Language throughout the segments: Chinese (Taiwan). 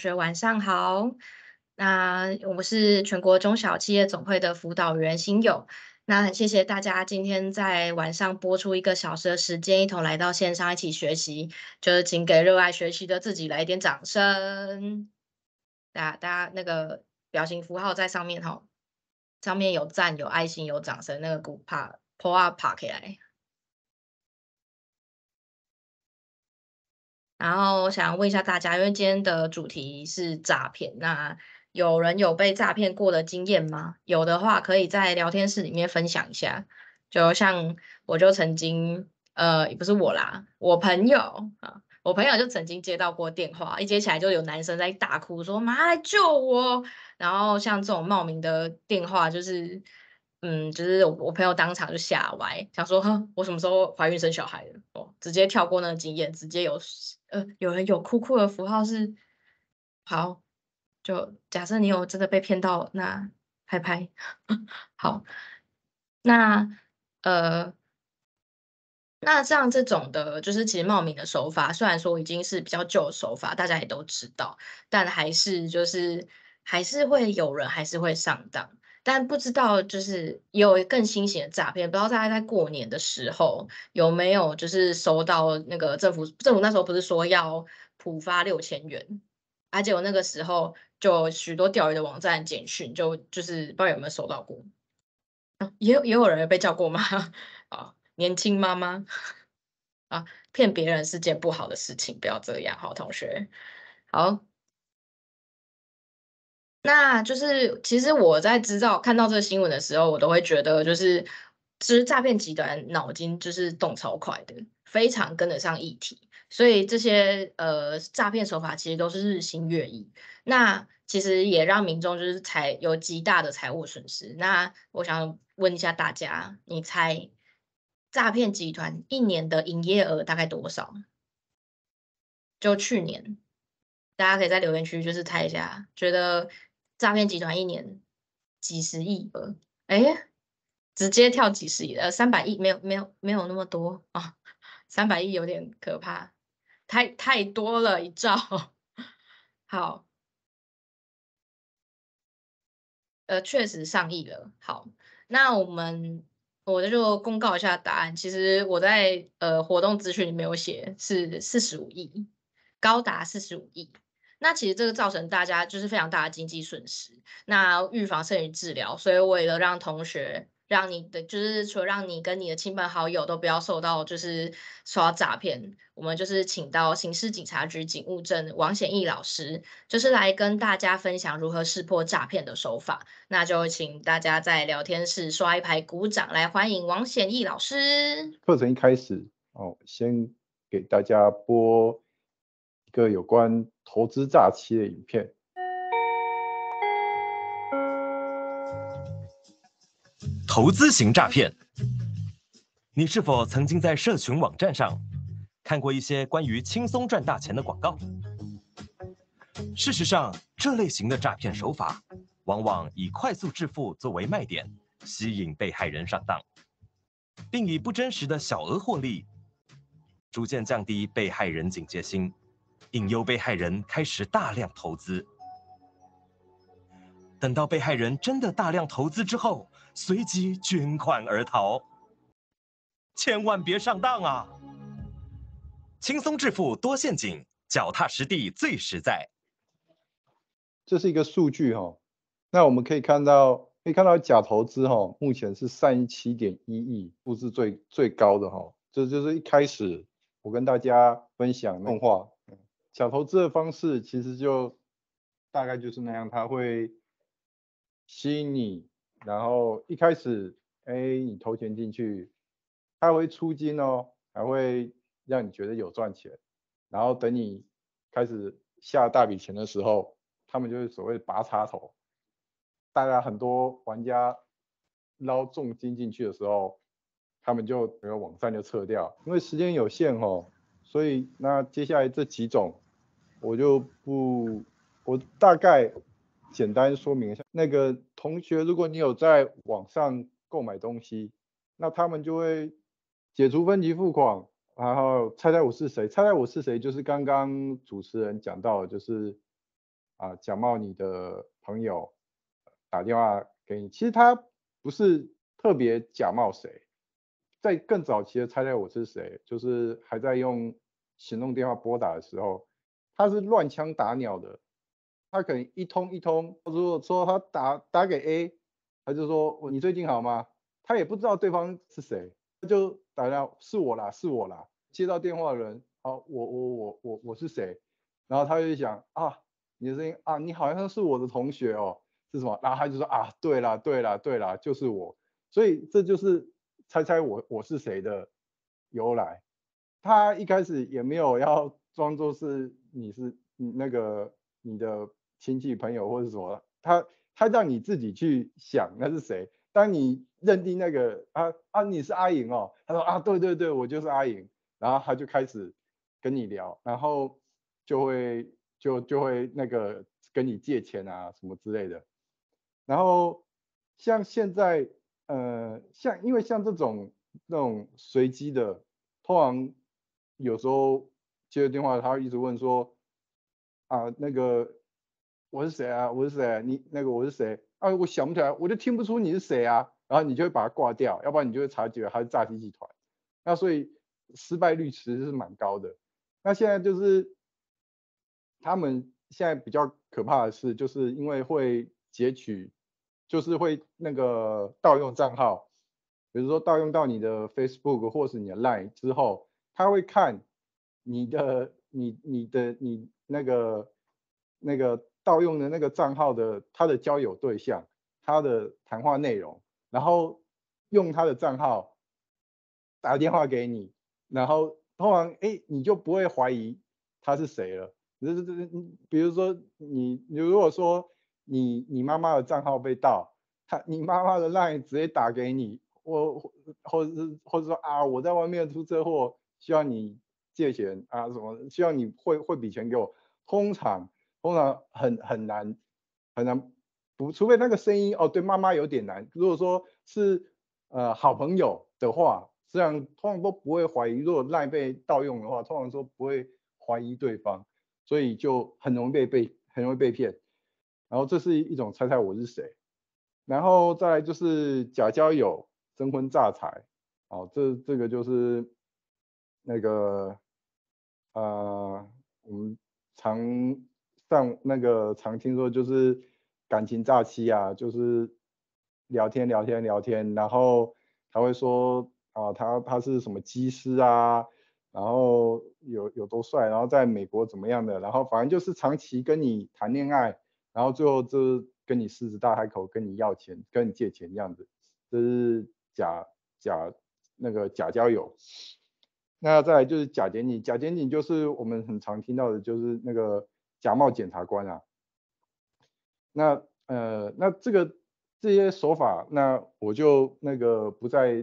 同學晚上好，那我是全國中小企業總會的輔導員新友，那很謝謝大家今天在晚上播出一個小時的時間，一同來到線上一起學習，就是請給熱愛學習的自己來一點掌聲，大家大家那個表情符號在上面哈、哦，上面有讚有愛心有掌聲，那個鼓啪 pop up，啪起來。然後我想問一下大家，因為今天的主題是詐騙，那有人有被詐騙過的經驗嗎？有的話，可以在聊天室裡面分享一下。就像我就曾經，呃，也不是我啦，我朋友啊，我朋友就曾經接到過電話，一接起來就有男生在大哭說，說媽來救我。然後像這種冒名的電話，就是。嗯，就是我我朋友當場就嚇歪，想說哼，我什麼時候懷孕生小孩了？我、哦、直接跳過那個經驗，直接有呃，有人有哭哭的符號是好，就假設你有真的被騙到，那拍拍 好，那呃，那這樣這種的就是其實冒名的手法，雖然說已經是比較舊的手法，大家也都知道，但還是就是還是會有人還是會上當。但不知道，就是也有更新型的詐騙，不知道大家在過年的時候有沒有就是收到那個政府政府那時候不是說要普發六千元，而且我那個時候就許多釣魚的網站簡訊，就就是不知道有沒有收到過，啊、也有也有人被叫過嗎？啊，年輕媽媽啊，騙別人是件不好的事情，不要這樣，好，同學，好。那就是，其實我在知道看到這個新聞的時候，我都會覺得，就是其實詐騙集團腦筋就是動超快的，非常跟得上議題，所以這些呃詐騙手法其實都是日新月異。那其實也讓民眾就是財有極大的財務損失。那我想問一下大家，你猜詐騙集團一年的營業額大概多少？就去年，大家可以在留言區就是猜一下，覺得。詐騙集團一年幾十億吧、呃？哎，直接跳幾十億，呃，三百億沒有沒有沒有那麼多啊、哦，三百億有點可怕，太太多了一兆。好，呃，確實上億了。好，那我們我就公告一下答案。其實我在呃活動資訊裡沒有寫，是四十五億，高達四十五億。那其實這個造成大家就是非常大的經濟損失。那預防勝於治療，所以為了讓同學，讓你的，就是除了讓你跟你的親朋好友都不要受到就是刷詐騙，我們就是請到刑事警察局警務正王顯義老師，就是來跟大家分享如何識破詐騙的手法。那就請大家在聊天室刷一排鼓掌來歡迎王顯義老師。課程一開始，哦，先給大家播，一個有關投資詐欺的影片。投資型詐騙，你是否曾經在社群網站上看過一些關於輕鬆賺大錢的廣告？事實上，這類型的詐騙手法往往以快速致富作為賣點，吸引被害人上當，並以不真實的小額獲利，逐漸降低被害人警戒心。引誘被害人開始大量投資，等到被害人真的大量投資之後，隨即卷款而逃。千萬別上當啊！輕鬆致富多陷阱，腳踏實地最實在。這是一個數據哈、哦，那我們可以看到，可以看到假投資哈、哦，目前是三十七點一億，不是最最高的哈、哦，這就,就是一開始我跟大家分享的動畫小投資的方式其實就大概就是那樣，它會吸引你，然後一開始，哎、欸，你投錢進去，它會出金哦，還會讓你覺得有賺錢，然後等你開始下大筆錢的時候，他們就是所謂拔插頭。大概很多玩家撈重金進去的時候，他們就那個網站就撤掉，因為時間有限哦。所以那接下來這幾種，我就不，我大概簡單說明一下。那個同學，如果你有在網上購買東西，那他們就會解除分期付款。然後猜猜我是誰？猜猜我是誰？就是剛剛主持人講到的，就是啊、呃、假冒你的朋友打電話給你，其實他不是特別假冒誰。在更早期的猜猜我是誰，就是還在用行動電話撥打的時候，他是亂槍打鳥的，他可能一通一通，如果說他打打給 A，他就說你最近好嗎？他也不知道對方是誰，他就打到是我啦，是我啦。接到電話的人，啊，我我我我我是誰？然後他就想啊，你的聲音啊，你好像是我的同學哦，是什麼？然後他就說啊，對啦對啦對啦，就是我。所以這就是。猜猜我我是誰的由來。他一開始也沒有要裝作是你是那個你的親戚朋友或者什麼，他他讓你自己去想那是誰。當你認定那個啊啊你是阿瑩哦，他說啊對對對，我就是阿瑩，然後他就開始跟你聊，然後就會就就會那個跟你借錢啊什麼之類的。然後像現在。呃，像因為像這種這種隨機的，通常有時候接了電話，他會一直問說，啊、那個、啊，啊那個我是誰啊，我是誰啊？你那個我是誰？啊，我想不起來，我就聽不出你是誰啊，然後你就會把他掛掉，要不然你就會察覺他是詐欺集團。那所以失敗率其實是蠻高的。那現在就是他們現在比較可怕的是，就是因為會截取。就是會那個盜用賬號，比如說盜用到你的 Facebook 或是你的 Line 之後，他會看你的、你、你的、你那個、那個盜用的那個賬號的他的交友對象、他的談話內容，然後用他的賬號打電話給你，然後通常哎、欸、你就不會懷疑他是誰了。就是比如說你你如果說。你你媽媽的賬號被盜，他你媽媽的 Line 直接打給你，我或者是或者說啊，我在外面出車禍，需要你借錢啊什麼，需要你匯匯筆錢給我。通常通常很很難很難，不除非那個聲音哦，對媽媽有點難。如果說是呃好朋友的話，這樣通常都不會懷疑。如果 Line 被盜用的話，通常說不會懷疑對方，所以就很容易被被很容易被騙。然後這是一種猜猜我是誰，然後再來就是假交友、徵婚詐財，哦，這這個就是那個呃我們常上那個常聽說就是感情詐欺啊，就是聊天聊天聊天，然後他會說啊、哦，他他是什麼機師啊，然後有有多帥，然後在美國怎麼樣的，然後反正就是長期跟你談戀愛。然後最後就跟你獅子大開口，跟你要錢，跟你借錢這樣子，這是假假那個假交友。那再來就是假檢警，假檢警就是我們很常聽到的，就是那個假冒檢察官啊。那呃，那這個這些手法，那我就那個不再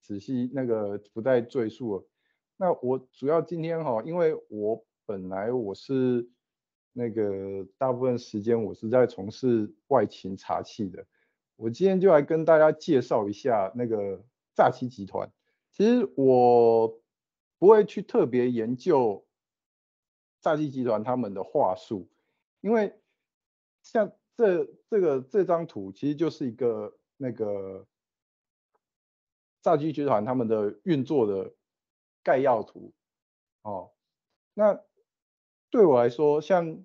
仔細那個不再贅述了。那我主要今天哈，因為我本來我是。那個大部分時間我是在從事外勤查緝的，我今天就來跟大家介紹一下那個詐欺集團。其實我不會去特別研究詐欺集團他們的話術，因為像這這個這張圖其實就是一個那個詐欺集團他們的運作的概要圖，哦，那。對我來說，像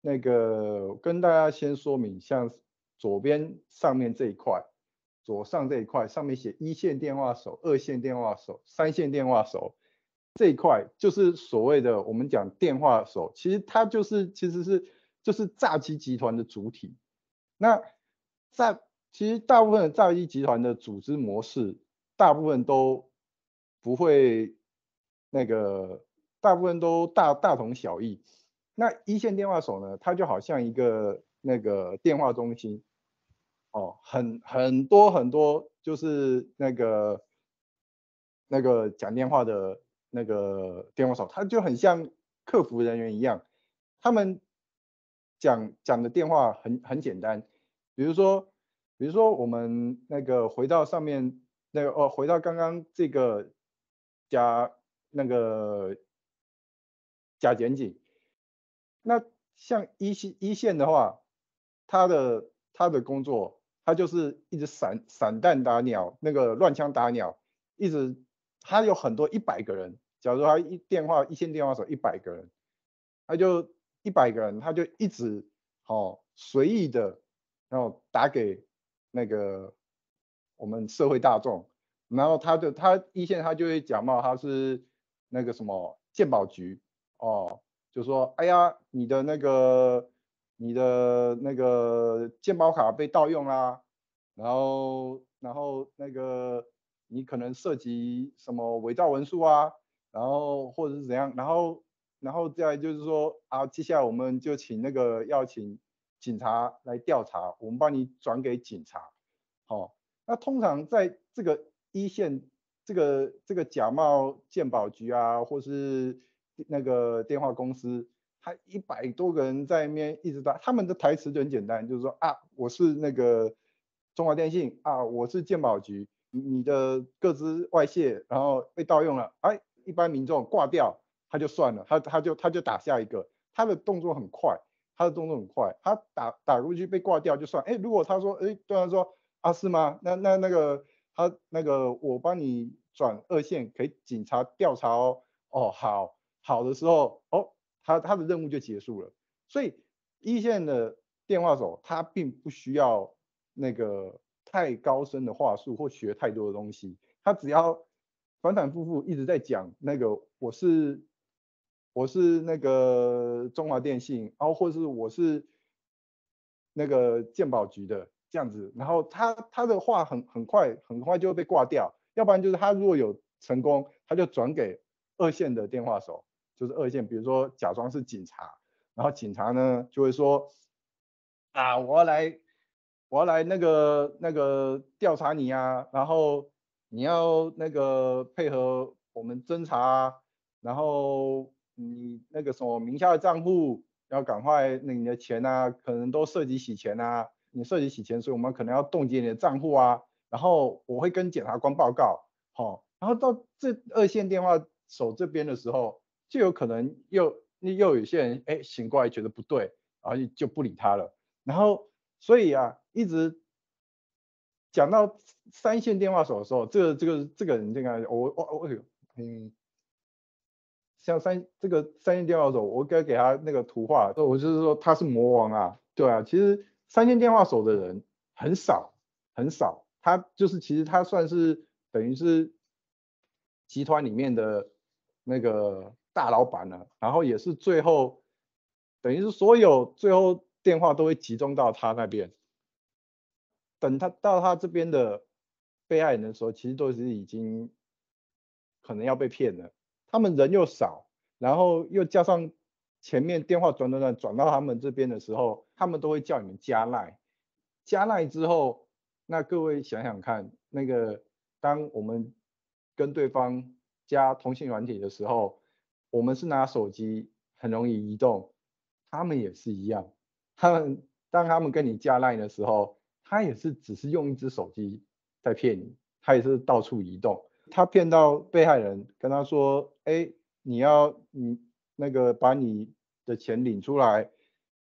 那個，跟大家先說明，像左邊上面這一塊，左上這一塊上面寫一線電話手、二線電話手、三線電話手，這一塊就是所謂的我們講電話手，其實它就是其實是就是詐欺集團的主體。那在其實大部分的詐欺集團的組織模式，大部分都不會那個。大部分都大大同小異。那一線電話手呢？他就好像一個那個電話中心，哦，很很多很多，很多就是那個那個講電話的那個電話手，他就很像客服人員一樣。他們講講的電話很很簡單，比如說比如說我們那個回到上面那個哦，回到剛剛這個加那個。假檢警，那像一線一線的話，他的他的工作，他就是一直散散彈打鳥，那個亂槍打鳥，一直他有很多一百個人，假如他一電話一線電話手一百個人，他就一百個人，他就一直哦隨意的，然後打給那個我們社會大眾，然後他就他一線他就會假冒他是那個什麼健保局。哦，就說，哎呀，你的那個，你的那個健保卡被盜用啦，啊，然後，然後那個你可能涉及什麼偽造文書啊，然後或者是怎樣，然後，然後再就是說啊，接下來我們就請那個要請警察來調查，我們幫你轉給警察。好，哦，那通常在這個一線，這個這個假冒健保局啊，或是。那個電話公司，他一百多個人在那邊一直在，他們的台詞就很簡單，就是說啊，我是那個中華電信啊，我是健保局，你的個資外洩，然後被盜用了，哎、啊，一般民眾掛掉，他就算了，他他就他就打下一個，他的動作很快，他的動作很快，他打打過去被掛掉就算，哎，如果他說，哎，對方說啊是嗎？那那那個他那個我幫你轉二線，給警察調查哦，哦好。好的時候，哦，他他的任務就結束了。所以一線的電話手他並不需要那個太高深的話術或學太多的東西，他只要反反复覆一直在講那個我是我是那個中華電信，哦，或是我是那個健保局的這樣子，然後他他的話很很快很快就會被掛掉，要不然就是他如果有成功，他就轉給二線的電話手。就是二線，比如說假裝是警察，然後警察呢就會說啊，我要來，我要來那個那個調查你啊，然後你要那個配合我們偵查啊，然後你那個什麼名下的賬戶要趕快，那你的錢啊，可能都涉及洗錢啊，你涉及洗錢，所以我們可能要凍結你的賬戶啊，然後我會跟檢察官報告，好，哦，然後到這二線電話手這邊的時候。就有可能又又有些人哎醒過來覺得不對，然後就不理他了。然後所以啊，一直講到三線電話手的時候，這個這個這個人，這個我我我有嗯，像三這個三線電話手，我該給他那個圖畫，我就是說他是魔王啊，對啊。其實三線電話手的人很少很少，他就是其實他算是等於是集團裡面的那個，大老板了，然後也是最後，等於是所有最後電話都會集中到他那邊，等他到他這邊的被害人的時候，其實都是已經可能要被騙了。他們人又少，然後又加上前面電話轉轉轉轉，轉，轉到他們這邊的時候，他們都會叫你們加 LINE，加 LINE 之後，那各位想想看，那個當我們跟對方加通訊軟體的時候。我們是拿手機很容易移動，他們也是一樣。他們當他們跟你加 LINE 的時候，他也是只是用一只手機在騙你，他也是到處移動。他騙到被害人跟他說：“哎，你要你那個把你的錢領出來，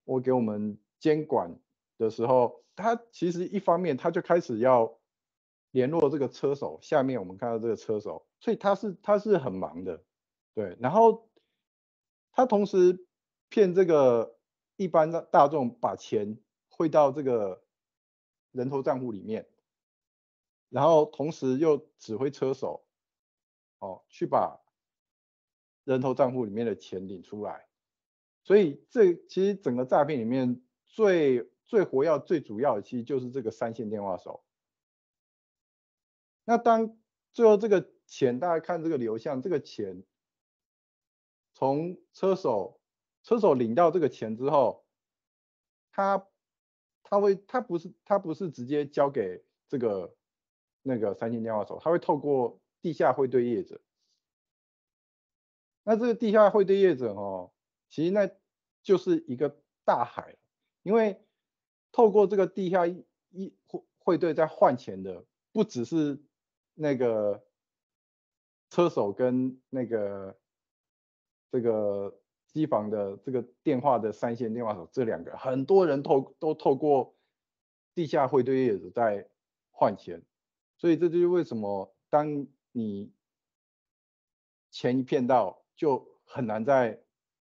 我給我們監管的時候，他其實一方面他就開始要聯絡這個車手。下面我們看到這個車手，所以他是他是很忙的。”對，然後他同時騙這個一般的大眾把錢匯到這個人頭賬戶裡面，然後同時又指揮車手，哦，去把人頭賬戶裡面的錢領出來。所以這其實整個詐騙裡面最最活躍最主要的，其實就是這個三線電話手。那當最後這個錢，大家看這個流向，這個錢。從車手車手領到這個錢之後，他他會他不是他不是直接交給這個那個三星電話手，他會透過地下匯兌業者。那這個地下匯兌業者哦，其實那就是一個大海，因為透過這個地下匯匯兌在換錢的，不只是那個車手跟那個。這個機房的這個電話的三線電話手這兩個，很多人透都透過地下匯兌業在換錢，所以這就是為什麼當你錢一騙到，就很難再，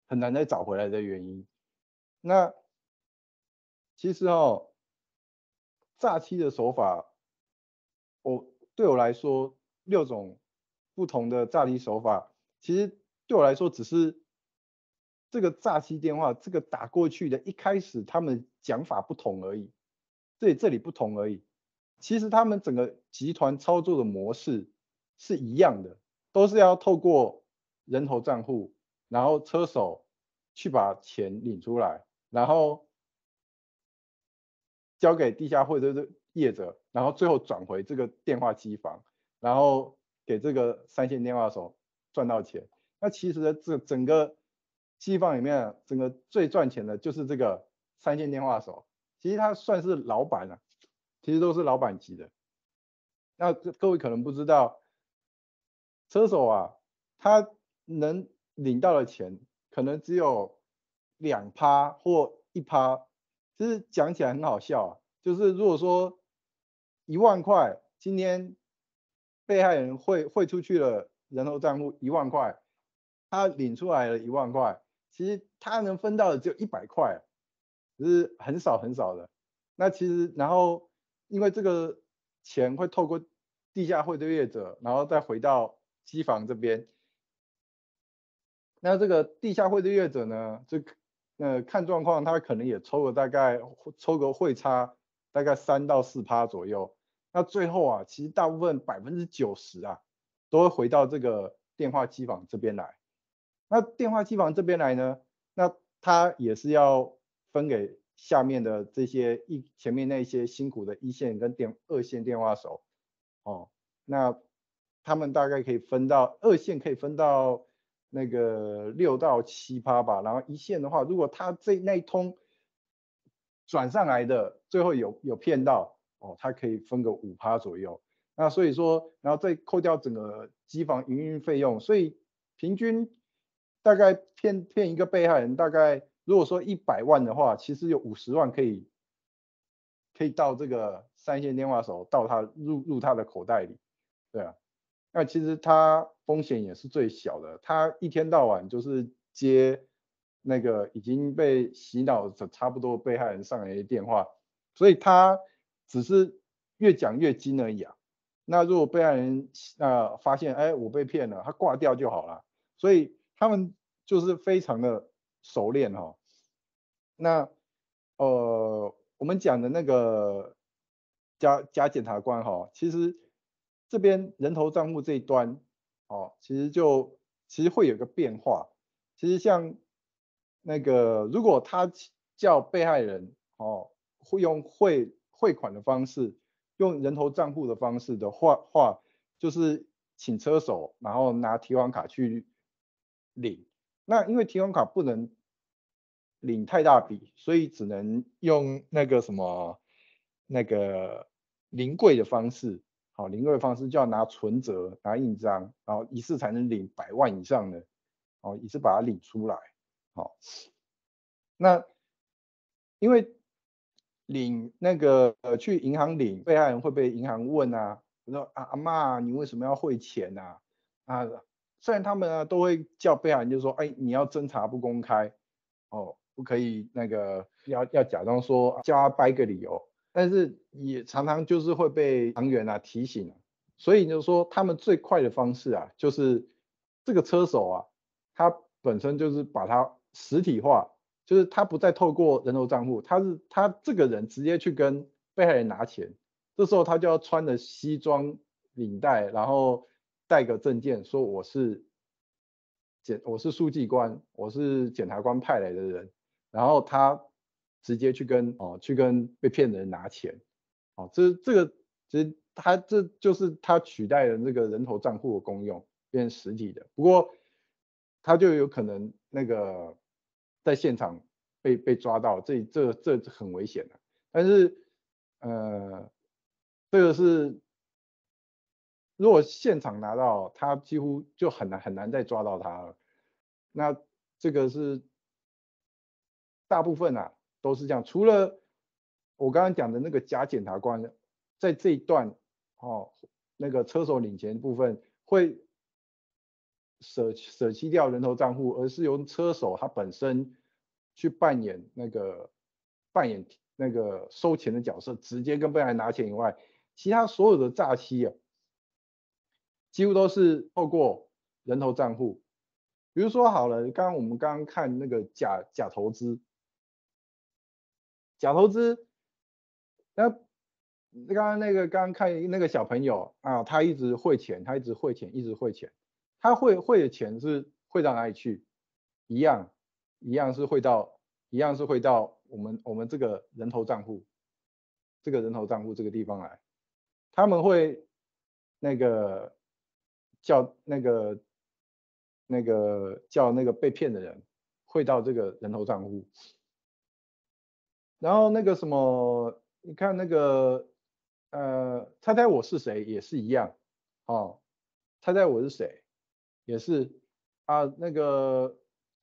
很難再找回來的原因。那其實哦，詐欺的手法，我對我來說六種不同的詐欺手法，其實。對我來說，只是這個詐欺電話，這個打過去的，一開始他們講法不同而已，這裡這裡不同而已。其實他們整個集團操作的模式是一樣的，都是要透過人頭賬戶，然後車手去把錢領出來，然後交給地下匯兌業者，然後最後轉回這個電話機房，然後給這個三線電話手賺到錢。那其實這整個機房裡面，整個最賺錢的就是這個三線電話手，其實他算是老闆了，啊，其實都是老闆級的。那各位可能不知道，車手啊，他能領到的錢可能只有兩趴或一趴。其實講起來很好笑啊，就是如果說一萬塊，今天被害人匯匯出去了人頭賬戶一萬塊。他領出來了一萬塊，其實他能分到的只有一百塊，只是很少很少的。那其實，然後因為這個錢會透過地下匯兌業者，然後再回到機房這邊。那這個地下匯兌業者呢，就呃看狀況，他可能也抽了大概抽個匯差大概三到四趴左右。那最後啊，其實大部分百分之九十啊，都會回到這個電話機房這邊來。那電話機房這邊來呢？那他也是要分給下面的這些一前面那些辛苦的一線跟電二線電話手，哦，那他們大概可以分到二線可以分到那個六到七趴吧。然後一線的話，如果他這那一通轉上來的最後有有騙到，哦，他可以分個五趴左右。那所以說，然後再扣掉整個機房營運費用，所以平均。大概騙騙一個被害人，大概如果說一百萬的話，其實有五十萬可以可以到這個三線電話手，到他入入他的口袋裡。對啊，那其實他風險也是最小的，他一天到晚就是接那個已經被洗腦的差不多被害人上來的電話，所以他只是越講越精而已啊。那如果被害人啊、呃、發現哎、欸、我被騙了，他掛掉就好了，所以。他們就是非常的熟練哈、哦，那呃，我們講的那個假假檢察官哈、哦，其實這邊人頭賬戶這一端哦，其實就其實會有一個變化，其實像那個如果他叫被害人哦，會用匯匯款的方式，用人頭賬戶的方式的話話，就是請車手，然後拿提款卡去領那因為提款卡不能領太大筆，所以只能用那個什麼那個臨櫃的方式，好、哦、臨櫃方式就要拿存摺拿印章，然後一次才能領百萬以上的，哦一次把它領出來，好、哦、那因為領那個呃去銀行領，被害人會被銀行問啊，我說、啊、阿阿嬤你為什麼要匯錢吶啊？啊雖然他們啊都會叫被害人就是說，哎、欸,你要偵查不公開，哦，不可以那個，要要假裝說叫他掰個理由，但是也常常就是會被行員啊提醒，所以就是說他們最快的方式啊，就是這個車手啊，他本身就是把他實體化，就是他不再透過人頭帳戶，他是他這個人直接去跟被害人拿錢，這時候他就要穿着西裝領帶，然後。帶個證件說我是檢我是書記官，我是檢察官派來的人，然後他直接去跟哦去跟被騙的人拿錢。哦，這這個其實他這就是他取代了那個人頭賬戶的功用，變成實體的。不過他就有可能那個在現場被被抓到，這這這很危險的啊。但是呃這個是。如果現場拿到，他幾乎就很難很難再抓到他了。那這個是大部分啊都是這樣，除了我剛剛講的那個假檢察官在這一段，哦，那個車手領錢的部分會捨捨棄掉人頭賬戶，而是由車手他本身去扮演那個扮演那個收錢的角色，直接跟被害人拿錢以外，其他所有的詐欺啊。幾乎都是透過人頭賬戶，比如說好了，剛剛我們剛剛看那個假假投資，假投資，那剛剛那個剛剛看那個小朋友啊，他一直匯錢，他一直匯錢，一直匯錢，他匯匯的錢是匯到哪裡去？一樣，一樣是匯到，一樣是匯到我們我們這個人頭賬戶，這個人頭賬戶這個地方來，他們會那個。叫那個、那個叫那個被騙的人匯到這個人頭賬戶，然後那個什麼，你看那個，呃，猜猜我是誰也是一樣，哦，猜猜我是誰也是啊，那個、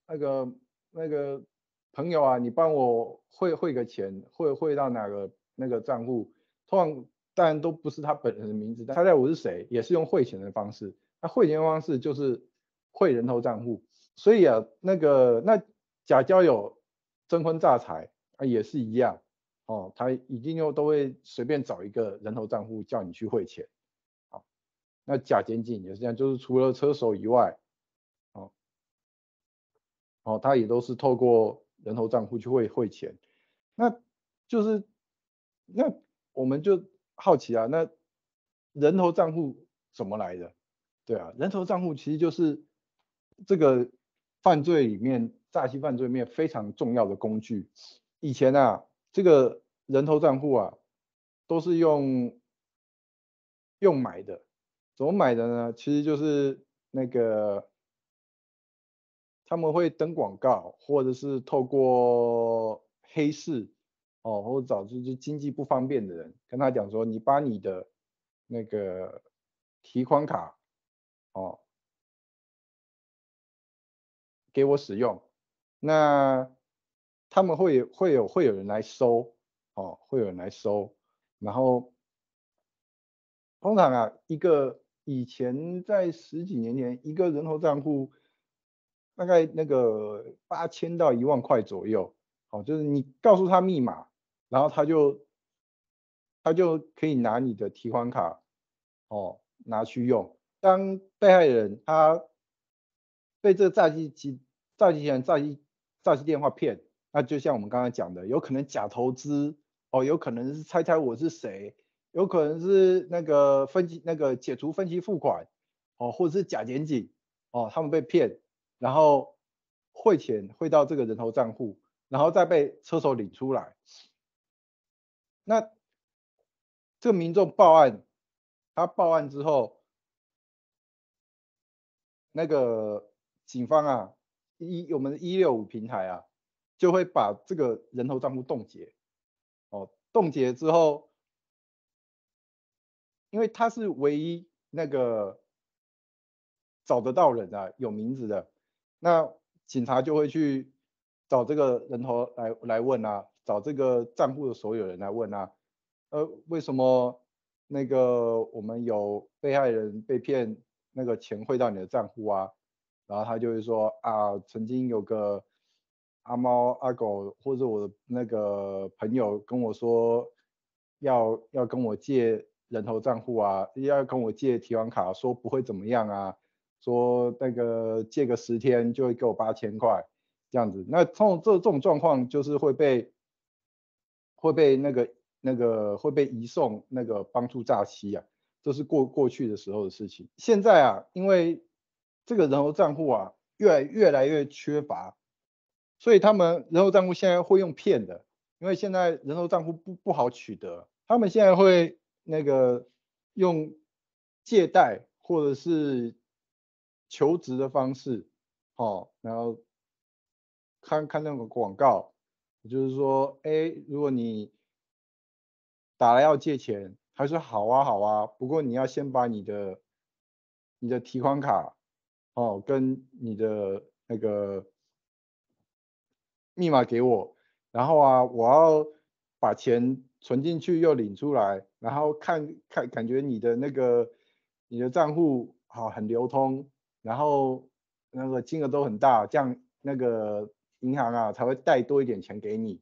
那個、那個朋友啊，你幫我匯匯個錢，匯匯到哪個那個賬戶？通常當然都不是他本人的名字，但猜猜我是誰也是用匯錢的方式。那匯錢方式就是匯人頭賬戶，所以啊，那個那假交友徵婚詐財啊也是一樣哦，他一定又都會隨便找一個人頭賬戶叫你去匯錢。哦，那假檢警也是這樣，就是除了車手以外，哦哦，他也都是透過人頭賬戶去匯匯錢。那就是那我們就好奇啊，那人頭賬戶怎麼來的？對啊，人頭賬戶其實就是這個犯罪裡面，詐欺犯罪裡面非常重要的工具。以前啊，這個人頭賬戶啊，都是用用買的，怎麼買的呢？其實就是那個他們會登廣告，或者是透過黑市哦，或者找就是經濟不方便的人，跟他講說你把你的那個提款卡。哦，給我使用，那他們會會有會有人來收，哦，會有人來收，然後通常啊，一個以前在十幾年前一個人頭賬戶大概那個八千到一萬塊左右，哦，就是你告訴他密碼，然後他就他就可以拿你的提款卡，哦，拿去用。當被害人他被這個詐欺機、詐欺人、詐欺、詐欺電話騙，那就像我們剛剛講的，有可能假投資哦，有可能是猜猜我是誰，有可能是那個分期、那個解除分期付款哦，或者是假檢警哦，他們被騙，然後匯錢匯到這個人頭賬戶，然後再被車手領出來。那這個民眾報案，他報案之後。那個警方啊，一我們一六五平台啊，就會把這個人頭賬戶凍結。哦，凍結之後，因為他是唯一那個找得到人啊，有名字的，那警察就會去找這個人頭來來問啊，找這個賬戶的所有人來問啊，呃，為什麼那個我們有被害人被騙？那個錢匯到你的賬戶啊，然後他就會說啊，曾經有個阿貓阿狗或者我的那個朋友跟我說要，要要跟我借人頭賬戶啊，要跟我借提款卡，說不會怎麼樣啊，說那個借個十天就會給我八千塊這樣子，那這種這種狀況就是會被會被那個那個會被移送那個幫助詐欺啊。這是過過去的時候的事情。現在啊，因為這個人頭賬戶啊，越來越來越缺乏，所以他們人頭賬戶現在會用騙的。因為現在人頭賬戶不不好取得，他們現在會那個用借貸或者是求職的方式，好、哦，然後看看那個廣告，就是說，哎，如果你打來要借錢。他說好啊，好啊，不過你要先把你的、你的提款卡哦，跟你的那個密碼給我，然後啊，我要把錢存進去又領出來，然後看看感覺你的那個你的賬戶好、哦、很流通，然後那個金額都很大，這樣那個銀行啊才會貸多一點錢給你。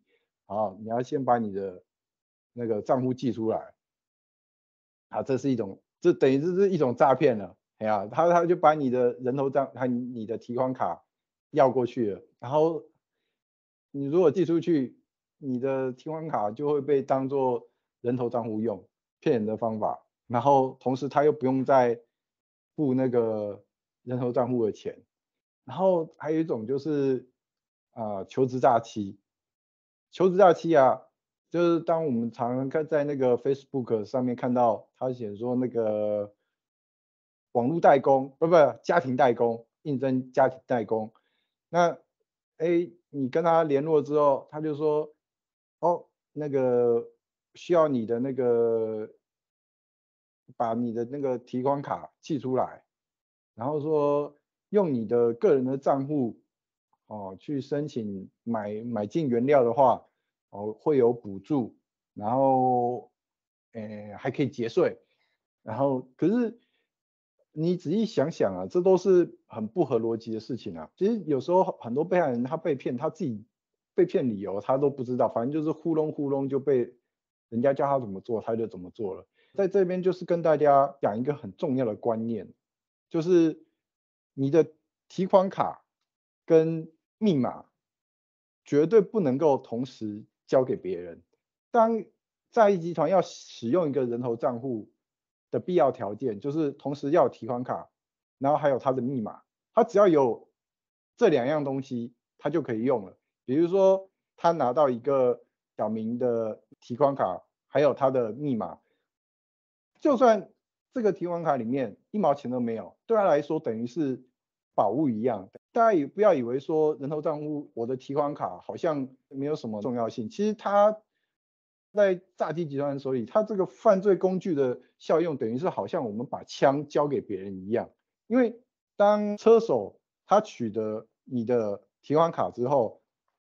啊、哦，你要先把你的那個賬戶寄出來。啊，這是一種，這等於這是一種詐騙了，哎呀、啊，他他就把你的人頭賬還有你的提款卡要過去了，然後你如果寄出去，你的提款卡就會被當作人頭賬戶用，騙人的方法，然後同時他又不用再付那個人頭賬戶的錢，然後還有一種就是呃求職詐欺，求職詐欺啊。就是當我們常常看在那個 Facebook 上面看到他寫說那個網絡代工，不不家庭代工，應徵家庭代工。那哎，你跟他聯絡之後，他就說，哦，那個需要你的那個把你的那個提款卡寄出來，然後說用你的個人的賬戶哦去申請買買進原料的話，哦，會有補助，然後，誒，還可以節稅，然後可是你仔細想想啊，這都是很不合邏輯的事情啊。其實有時候很多被害人他被騙，他自己被騙理由他都不知道，反正就是呼隆呼隆就被人家叫他怎麼做他就怎麼做了。在這邊就是跟大家講一個很重要的觀念，就是你的提款卡跟密碼絕對不能夠同時交給別人。當在一集團要使用一個人頭賬戶的必要條件，就是同時要有提款卡，然後還有他的密碼。他只要有這兩樣東西，他就可以用了。比如說，他拿到一個小明的提款卡，還有他的密碼，就算這個提款卡裡面一毛錢都沒有，對他來說等於是寶物一樣的。大家也不要以為說人頭賬戶，我的提款卡好像沒有什麼重要性。其實它在詐欺集團手裡，它這個犯罪工具的效用，等於是好像我們把槍交給別人一樣。因為當車手他取得你的提款卡之後，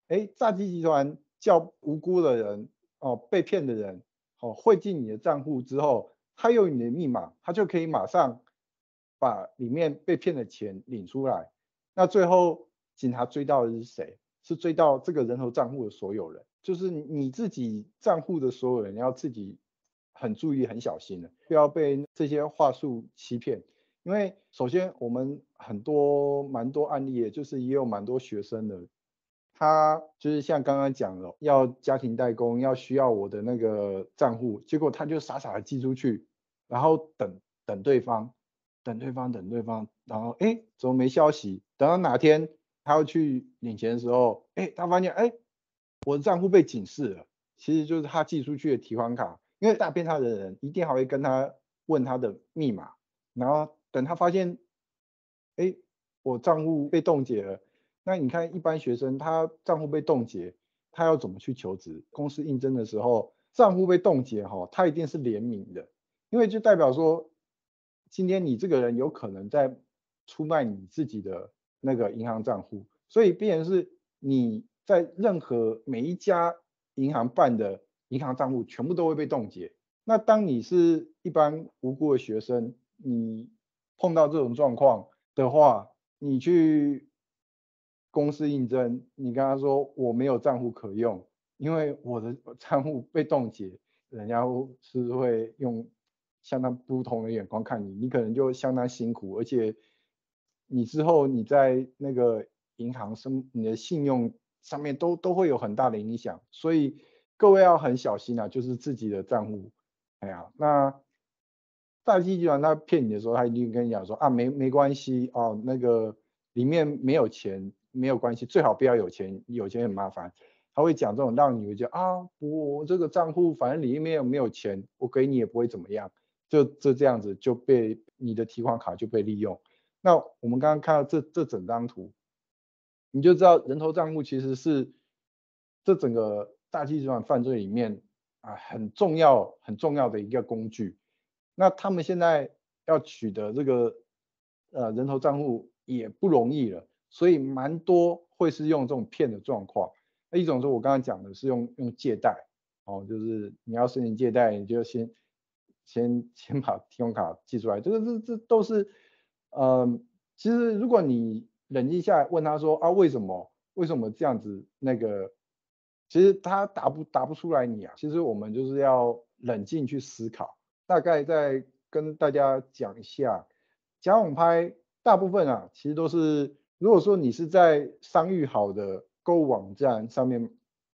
哎，詐欺集團叫無辜的人哦，被騙的人哦，匯進你的賬戶之後，他有你的密碼，他就可以馬上把裡面被騙的錢領出來。那最後警察追到的是誰？是追到這個人頭賬戶的所有人，就是你自己賬戶的所有人，你要自己很注意、很小心的，不要被這些話術欺騙。因為首先我們很多、蠻多案例，也就是也有蠻多學生的，他就是像剛剛講了，要家庭代工，要需要我的那個賬戶，結果他就傻傻的寄出去，然後等等對方。等對方，等對方，然後哎，怎麼沒消息？等到哪天他要去領錢的時候，哎，他發現哎，我的賬戶被警示了。其實就是他寄出去的提款卡，因為詐騙他的人一定還會跟他問他的密碼。然後等他發現哎，我賬戶被凍結了。那你看，一般學生他賬戶被凍結，他要怎麼去求職？公司應徵的時候賬戶被凍結哈、哦，他一定是聯名的，因為就代表說。今天你這個人有可能在出賣你自己的那個銀行賬戶，所以必然是你在任何每一家銀行辦的銀行賬戶全部都會被凍結。那當你是一般無辜的學生，你碰到這種狀況的話，你去公司應徵，你跟他說我沒有賬戶可用，因為我的賬戶被凍結，人家是會用。相當不同的眼光看你，你可能就相當辛苦，而且你之後你在那個銀行上，你的信用上面都都會有很大的影響，所以各位要很小心啊，就是自己的賬戶哎呀、啊，那大金集團他騙你的時候，他一定跟你講說啊，沒沒關係哦，那個裡面沒有錢，沒有關係，最好不要有錢，有錢很麻煩。他會講這種讓你會覺得啊，我這個賬戶反正裡面沒有錢，我給你也不會怎麼樣。就就這樣子就被你的提款卡就被利用。那我們剛剛看到這這整張圖，你就知道人頭賬戶其實是這整個大集團犯罪裡面啊，很重要很重要的一個工具。那他們現在要取得這個呃人頭賬戶也不容易了，所以蠻多會是用這種騙的狀況。那一種是我剛剛講的是用用借貸哦，就是你要申請借貸，你就先。先先把信用卡寄出來，這個這這都是，呃，其實如果你冷靜下來問他說啊，為什麼為什麼這樣子？那個，其實他答不答不出來你啊。其實我們就是要冷靜去思考。大概再跟大家講一下，假網拍大部分啊，其實都是如果說你是在商譽好的購物網站上面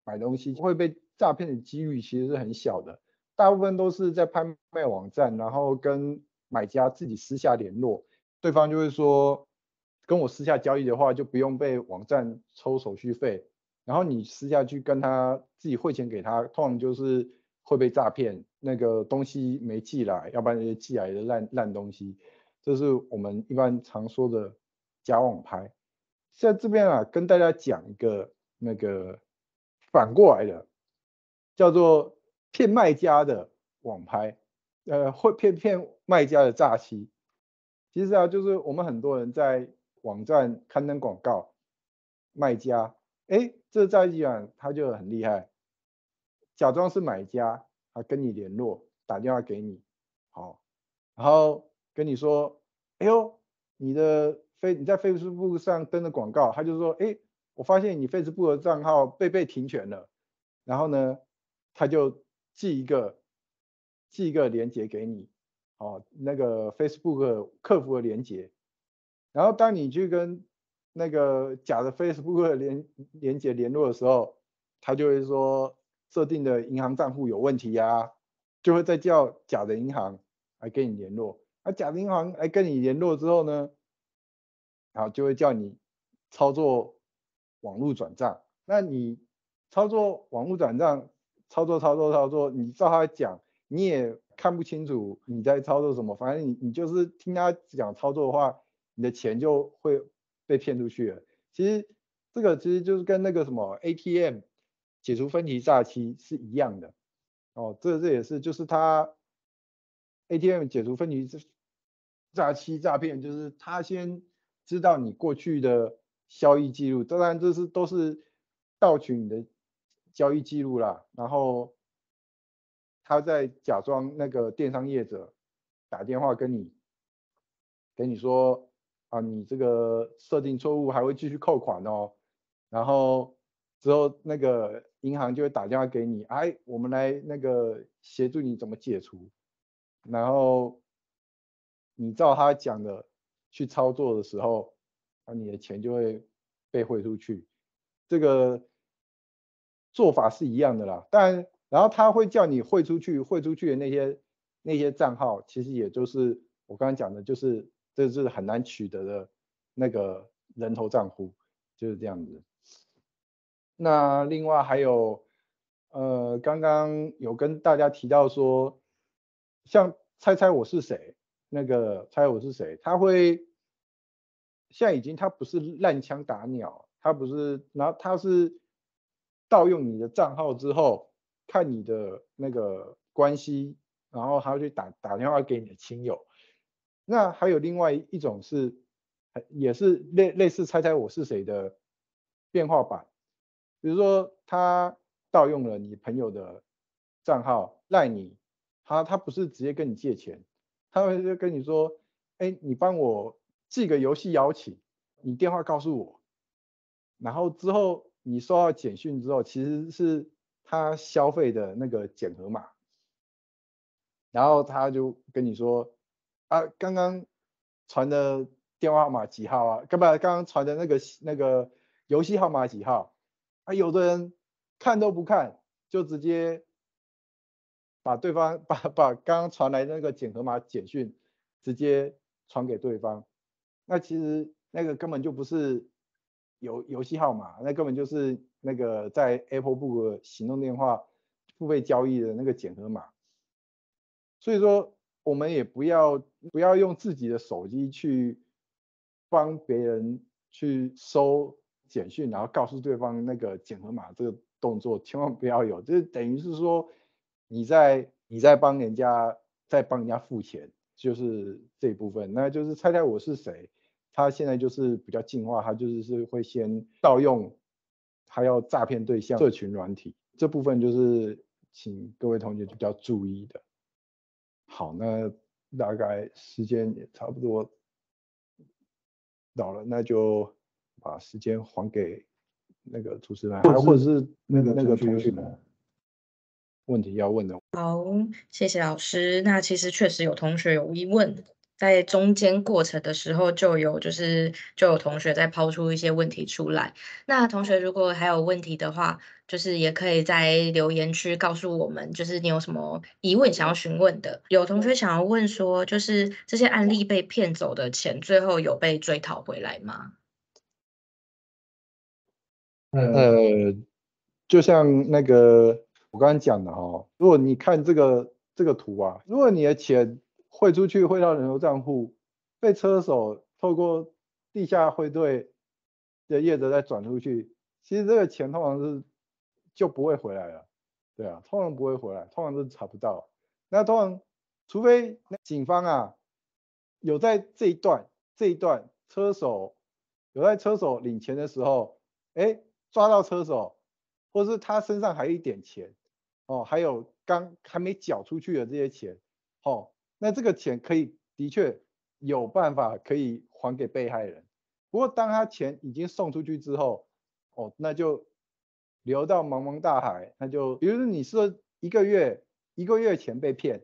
買東西，會被詐騙的幾率其實是很小的。大部分都是在拍賣網站，然後跟買家自己私下聯絡，對方就會說，跟我私下交易的話，就不用被網站抽手續費。然後你私下去跟他自己匯錢給他，通常就是會被詐騙，那個東西沒寄來，要不然就寄來的爛爛東西。這是我們一般常說的假網拍。現在這邊啊，跟大家講一個那個反過來的，叫做。騙賣家的網拍，呃，或騙騙賣家的詐欺。其實啊，就是我們很多人在網站刊登廣告，賣家，哎、欸，這個詐騙他就很厲害，假裝是買家，他跟你聯絡，打電話給你，好，然後跟你說，哎呦，你的 Face 你在 Facebook 上登的廣告，他就說，哎、欸，我發現你 Facebook 的賬號被被停權了，然後呢，他就。寄一個，寄一個鏈接給你，哦，那個 Facebook 客服的鏈接，然後當你去跟那個假的 Facebook 的聯鏈接聯絡的時候，他就會說設定的銀行賬戶有問題呀、啊，就會再叫假的銀行來跟你聯絡。而、啊、假的銀行來跟你聯絡之後呢，好，就會叫你操作網絡轉賬。那你操作網絡轉賬。操作操作操作，你照他講，你也看不清楚你在操作什麼，反正你你就是聽他講操作的話，你的錢就會被騙出去了。其實這個其實就是跟那個什麼 ATM 解除分期詐欺是一樣的。哦，這這也是就是他 ATM 解除分期詐欺詐騙，就是他先知道你過去的交易記錄，當然這、就是都是盜取你的。交易記錄啦，然後他在假裝那個電商業者打電話跟你，跟你說啊，你這個設定錯誤，還會繼續扣款哦。然後之後那個銀行就會打電話給你，哎、啊，我們來那個協助你怎麼解除。然後你照他講的去操作的時候，那、啊、你的錢就會被匯出去。這個。做法是一樣的啦，但然後他會叫你匯出去，匯出去的那些那些賬號，其實也就是我剛才講的，就是這是很難取得的那個人頭賬戶，就是這樣子。那另外還有，呃，剛剛有跟大家提到說，像猜猜我是誰，那個猜我是誰，他會現在已經他不是亂槍打鳥，他不是，然後他是。盜用你的賬號之後，看你的那個關係，然後還要去打打電話給你的親友。那還有另外一種是，也是類類似“猜猜我是誰”的變化版。比如說，他盜用了你朋友的賬號賴你，他他不是直接跟你借錢，他會跟你說：“哎、欸，你幫我寄個遊戲邀請，你電話告訴我。”然後之後。你收到簡訊之後，其實是他消費的那個檢核碼，然後他就跟你說，啊，剛剛傳的電話號碼幾號啊？剛把剛剛傳的那個那個遊戲號碼幾號？啊，有的人看都不看，就直接把對方把把剛剛傳來的那個檢核碼簡訊直接傳給對方，那其實那個根本就不是。遊遊戲號碼，那根本就是那個在 Apple Book 行動電話付費交易的那個檢核碼，所以說我們也不要不要用自己的手機去幫別人去收簡訊，然後告訴對方那個檢核碼，這個動作千萬不要有，就是，等於是說你在你在幫人家在幫人家付錢，就是這一部分，那就是猜猜我是誰。他現在就是比較進化，他就是是會先盜用，他要詐騙對象社群軟體，這部分就是請各位同學比較注意的。好，那大概時間也差不多到了，那就把時間還給那個主持人，或者是那個那個同學們問題要問的問題。好，謝謝老師。那其實確實有同學有疑問。在中間過程的時候，就有就是就有同學在拋出一些問題出來。那同學如果還有問題的話，就是也可以在留言區告訴我們，就是你有什麼疑問想要詢問的。有同學想要問說，就是這些案例被騙走的錢，最後有被追討回來嗎？嗯，呃，就像那個我剛剛講的哈，哦，如果你看這個這個圖啊，如果你的錢。匯出去匯到人頭賬戶，被車手透過地下匯兌的業者再轉出去，其實這個錢通常是就不會回來了，對啊，通常不會回來，通常都查不到。那通常除非警方啊有在這一段這一段車手有在車手領錢的時候，哎、欸、抓到車手，或是他身上還有一點錢哦，還有剛還沒繳出去的這些錢，哦。那這個錢可以，的確有辦法可以還給被害人。不過當他錢已經送出去之後，哦，那就流到茫茫大海，那就，比如說你是一個月，一個月前被騙，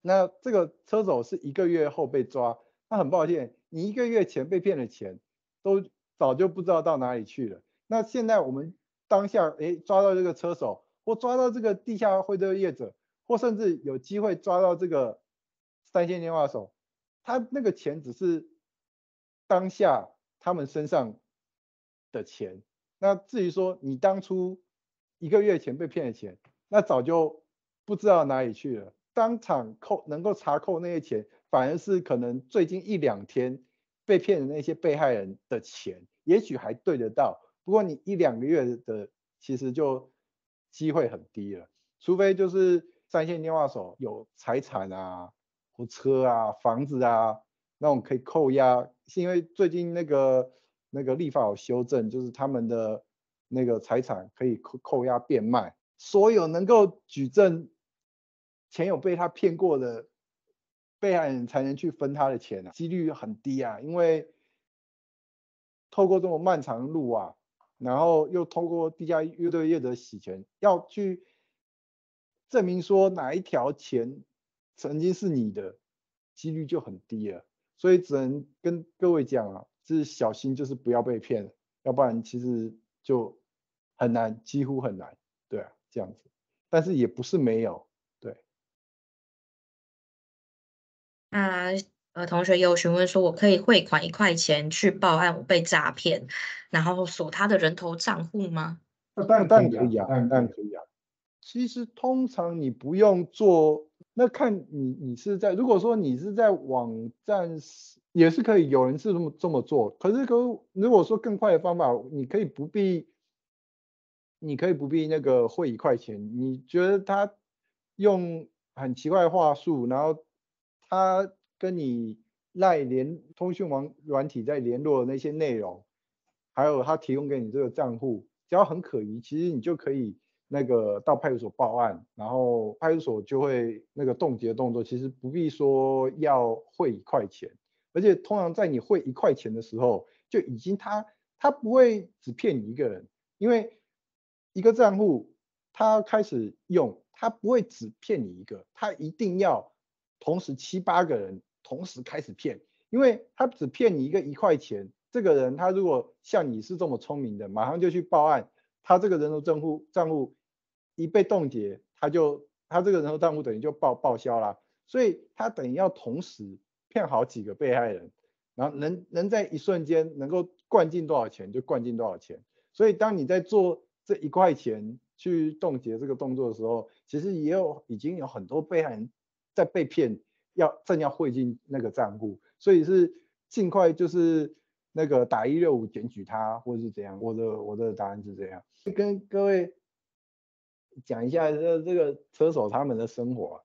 那這個車手是一個月後被抓，那很抱歉，你一個月前被騙的錢，都早就不知道到哪裡去了。那現在我們當下，哎，抓到這個車手，或抓到這個地下匯兌業者，或甚至有機會抓到這個。三線電話手，他那個錢只是當下他們身上的錢。那至於說你當初一個月前被騙的錢，那早就不知道哪裡去了。當場扣，能夠查扣那些錢，反而是可能最近一兩天被騙的那些被害人的錢，也許還對得到。不過你一兩個月的，其實就機會很低了。除非就是三線電話手有財產啊，車啊，房子啊，那我們可以扣押，是因為最近那個那個立法有修正，就是他們的那個財產可以扣扣押變賣。所有能夠舉證錢有被他騙過的被害人，才能去分他的錢啊，幾率很低啊。因為透過這麼漫長的路啊，然後又透過地下越得越的洗錢，要去證明說哪一條錢。曾經是你的，幾率就很低了，所以只能跟各位講啊，就是小心，就是不要被騙，要不然其實就很難，幾乎很難，對啊，這樣子。但是也不是沒有，對。那、啊、呃，同學又有詢問說，我可以匯款一塊錢去報案我被詐騙，然後鎖他的人頭賬戶嗎？那、啊、當然可以，啊，可以啊，啊，當然可以啊。其實通常你不用做。那看你，你是在，如果說你是在網站是也是可以，有人是這麼這麼做，可是可如果說更快的方法，你可以不必，你可以不必那個匯一塊錢，你覺得他用很奇怪的話術，然後他跟你賴聯通訊網軟體在聯絡的那些內容，還有他提供給你這個賬戶，只要很可疑，其實你就可以。那個到派出所報案，然後派出所就會那個凍結動作，其實不必說要匯一塊錢，而且通常在你匯一塊錢的時候，就已經他他不會只騙你一個人，因為一個賬戶他開始用，他不會只騙你一個，他一定要同時七八個人同時開始騙，因為他只騙你一個一塊錢，這個人他如果像你是這麼聰明的，馬上就去報案，他這個人頭賬戶賬戶。一被凍結，他就他這個人頭賬戶等於就報報銷了，所以他等於要同時騙好幾個被害人，然後能能在一瞬間能夠灌進多少錢就灌進多少錢。所以當你在做這一塊錢去凍結這個動作的時候，其實也有已經有很多被害人在被騙，要正要匯進那個賬戶，所以是盡快就是那個打一六五檢舉他或者是怎樣。我的我的答案是這樣。跟各位。講一下這這個車手他們的生活、啊，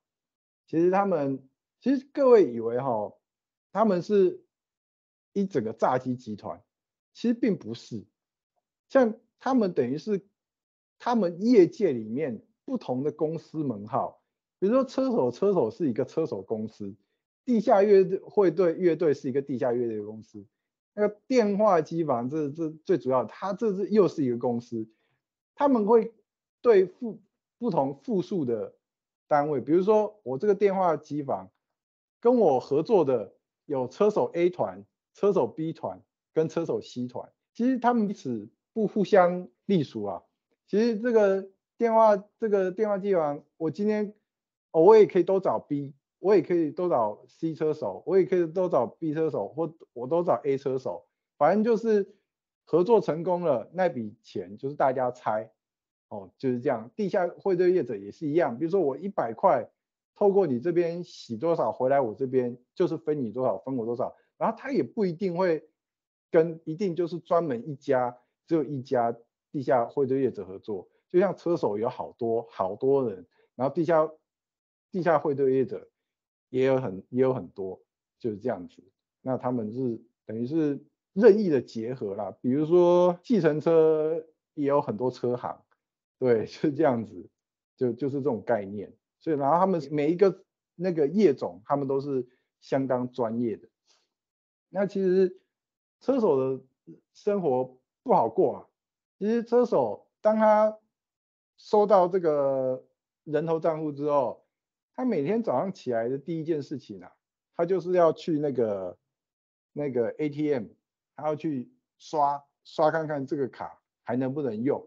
其實他們其實各位以為哈、哦，他們是一整個詐欺集團，其實並不是，像他們等於是他們業界裡面不同的公司門號，比如說車手，車手是一個車手公司，地下匯兌、匯兌，匯兌是一個地下匯兌公司，那個電話機房這這最主要，他這是又是一個公司，他們會。對負不同負數的單位，比如說我這個電話機房跟我合作的有車手 A 團、車手 B 團跟車手 C 團，其實他們彼此不互相隸屬啊。其實這個電話這個電話機房，我今天、哦、我也可以都找 B，我也可以都找 C 車手，我也可以都找 B 車手，或我都找 A 車手，反正就是合作成功了，那筆錢就是大家拆。哦，就是這樣。地下匯兌業者也是一樣，比如說我一百塊，透過你這邊洗多少回來，我這邊就是分你多少，分我多少。然後他也不一定會跟一定就是專門一家，只有一家地下匯兌業者合作。就像車手有好多好多人，然後地下地下匯兌業者也有很也有很多，就是這樣子。那他們、就是等於是任意的結合啦。比如說計程車也有很多車行。對，是這樣子，就就是這種概念。所以，然後他們每一個那個業種，他們都是相當專業的。那其實車手的生活不好過啊。其實車手當他收到這個人頭賬戶之後，他每天早上起來的第一件事情啊，他就是要去那個那個 ATM，他要去刷刷看看這個卡還能不能用，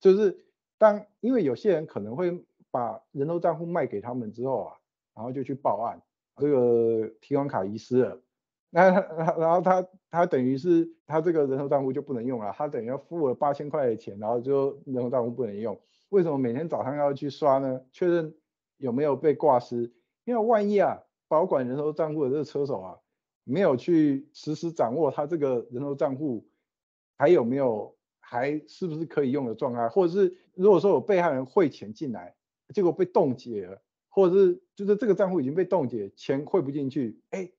就是。但因為有些人可能會把人頭賬戶賣給他們之後啊，然後就去報案，這個提款卡遺失了，那然後他然後他，他等於是他這個人頭賬戶就不能用了，他等於要付了八千塊的錢，然後就人頭賬戶不能用，為什麼每天早上要去刷呢？確認有沒有被掛失，因為萬一啊保管人頭賬戶的這個車手啊沒有去實時掌握他這個人頭賬戶還有沒有。還是不是可以用的狀態，或者是如果說有被害人匯錢進來，結果被凍結了，或者是就是這個賬戶已經被凍結，錢匯不進去，哎，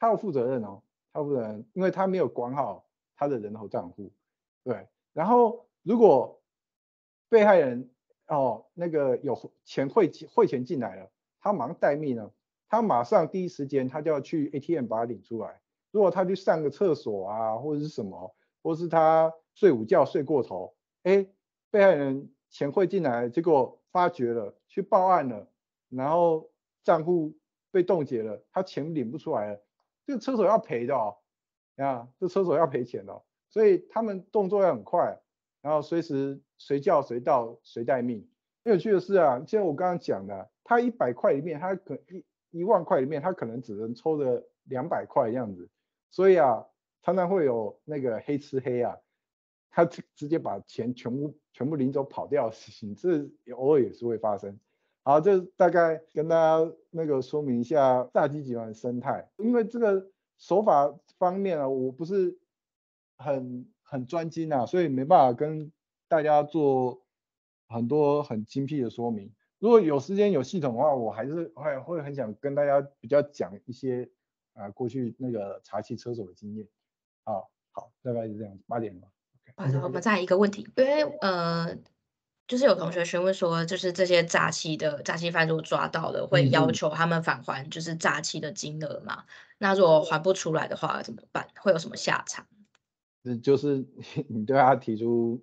他要負責任哦，他要負責任，因為他沒有管好他的人頭賬戶，對。然後如果被害人哦那個有錢匯匯錢進來了，他忙待命呢，他馬上第一時間他就要去 ATM 把它領出來。如果他去上個廁所啊，或者是什麼，或者是他。睡午覺睡過頭，誒，被害人錢匯進來，結果發覺了，去報案了，然後賬戶被凍結了，他錢領不出來了，這個車手要賠的哦，你看這車手要賠錢的哦，所以他們動作要很快，然後隨時隨叫隨到，隨待命。很有趣的是啊，像我剛剛講的，他一百塊裡面，他可能一一萬塊裡面，他可能只能抽個兩百塊這樣子，所以啊，常常會有那個黑吃黑啊。他直，直接把錢全部全部領走跑掉的事情，這也偶爾也是會發生。好，這大概跟大家那個說明一下詐欺集團的生態，因為這個手法方面啊，我不是很很專精啊，所以沒辦法跟大家做很多很精闢的說明。如果有時間有系統的話，我還是會會很想跟大家比較講一些啊、呃、過去那個查緝車手的經驗。好，好，大概就這樣，八點吧。好的，我們再一個問題，因為呃，就是有同學詢問說，就是這些詐欺的詐欺犯如果抓到了，會要求他們返還就是詐欺的金額嘛，那如果還不出來的話怎麼辦？會有什麼下場？就是你對他提出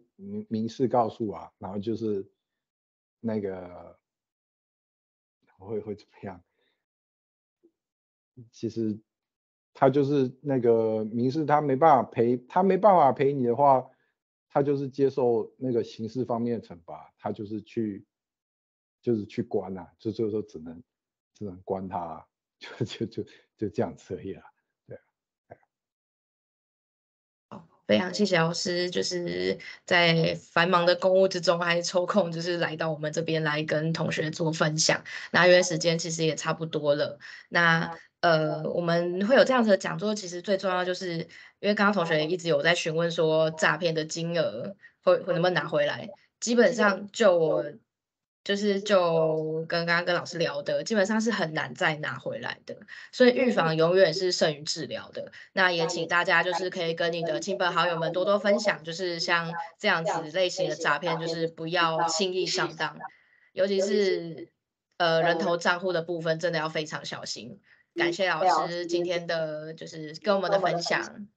民事告訴啊，然後就是那個會會怎麼樣？其實他就是那個民事他，他沒辦法賠，他沒辦法賠你的話，他就是接受那個刑事方面的懲罰，他就是去，就是去關啊，就就說只能，只能關他啊，就就就就這樣子而已了啊。非常謝謝老師，就是在繁忙的公務之中還抽空，就是來到我們這邊來跟同學做分享。那因為時間其實也差不多了，那呃，我們會有這樣子的講座，其實最重要的就是因為剛剛同學一直有在詢問說詐騙的金額會會能不能拿回來，基本上就我。就是就跟剛剛跟老師聊的，基本上是很難再拿回來的，所以預防永遠是勝於治療的。那也請大家就是可以跟你的親朋好友們多多分享，就是像這樣子類型的詐騙，就是不要輕易上當，尤其是呃人頭賬戶的部分，真的要非常小心。感謝老師今天的就是跟我們的分享。